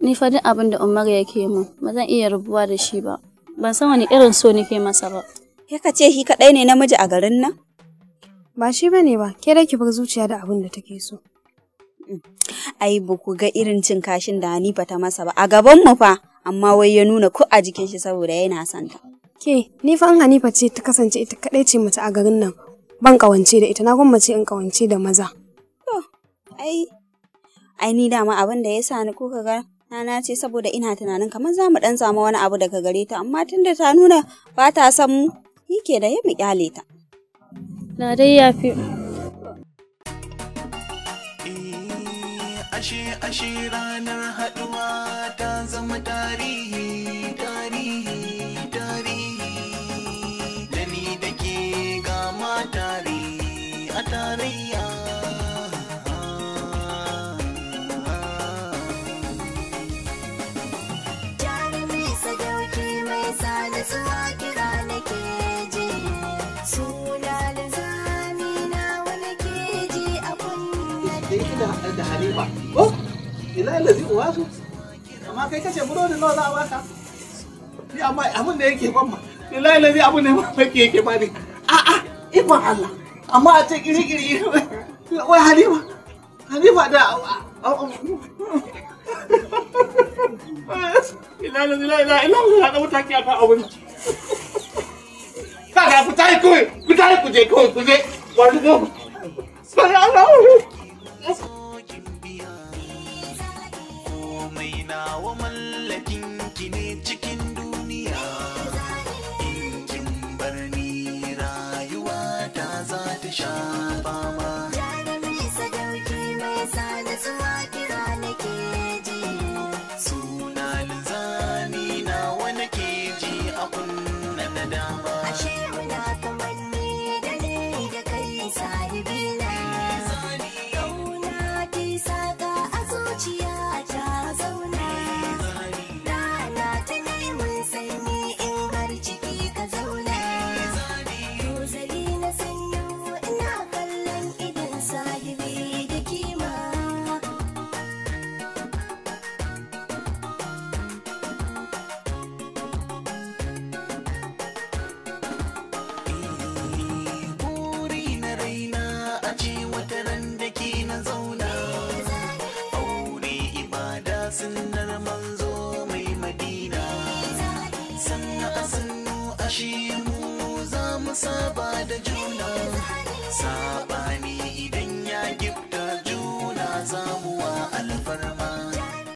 Ni fa duk abin da Umar yake min, ba zan iya rubuwa da shi ba. Ban san wani irin so nake masa ba. ka ce shi kaɗai ne namiji a garin nan? Ba shi ba ba, ke da ki bar zuciya da abin da take so. Ai, ba ku ga irin cin kashin da Hanifa ta masa ba, a gaban mu fa, amma wai ya nuna ku a jikin shi saboda yana santa. Ke, ni fa in Hanifa ce ta kasance ita kaɗai ce mace a garin nan, ban kawance da ita na gwammace in kawance da maza. To, oh, ai ai ni dama abin da ya sani, ni kuka ga na ce saboda ina tunanin kamar za mu dan samu wani abu daga gare ta amma tunda ta nuna ba ta san mu ke da ya mu kyale ta na dai yafi eh, ashe ashe ranar haduwa ta zama tarihi tarihi tarihi da ni da ke gama tarihi a tarayya shi da halima ko oh, ila lazi uwa su amma kai kace da nawa za a baka ni amma abin da yake ban ma ila lazi abin da mamaki yake ba ne a a ikon Allah amma a ce kiri kiri wai halima halima da ila lazi ila ila ila ila da mutaki akan abin kada ku tayi kawai ku tayi ku je kawai ku je wani gaba shi mu za mu saba da juna sabani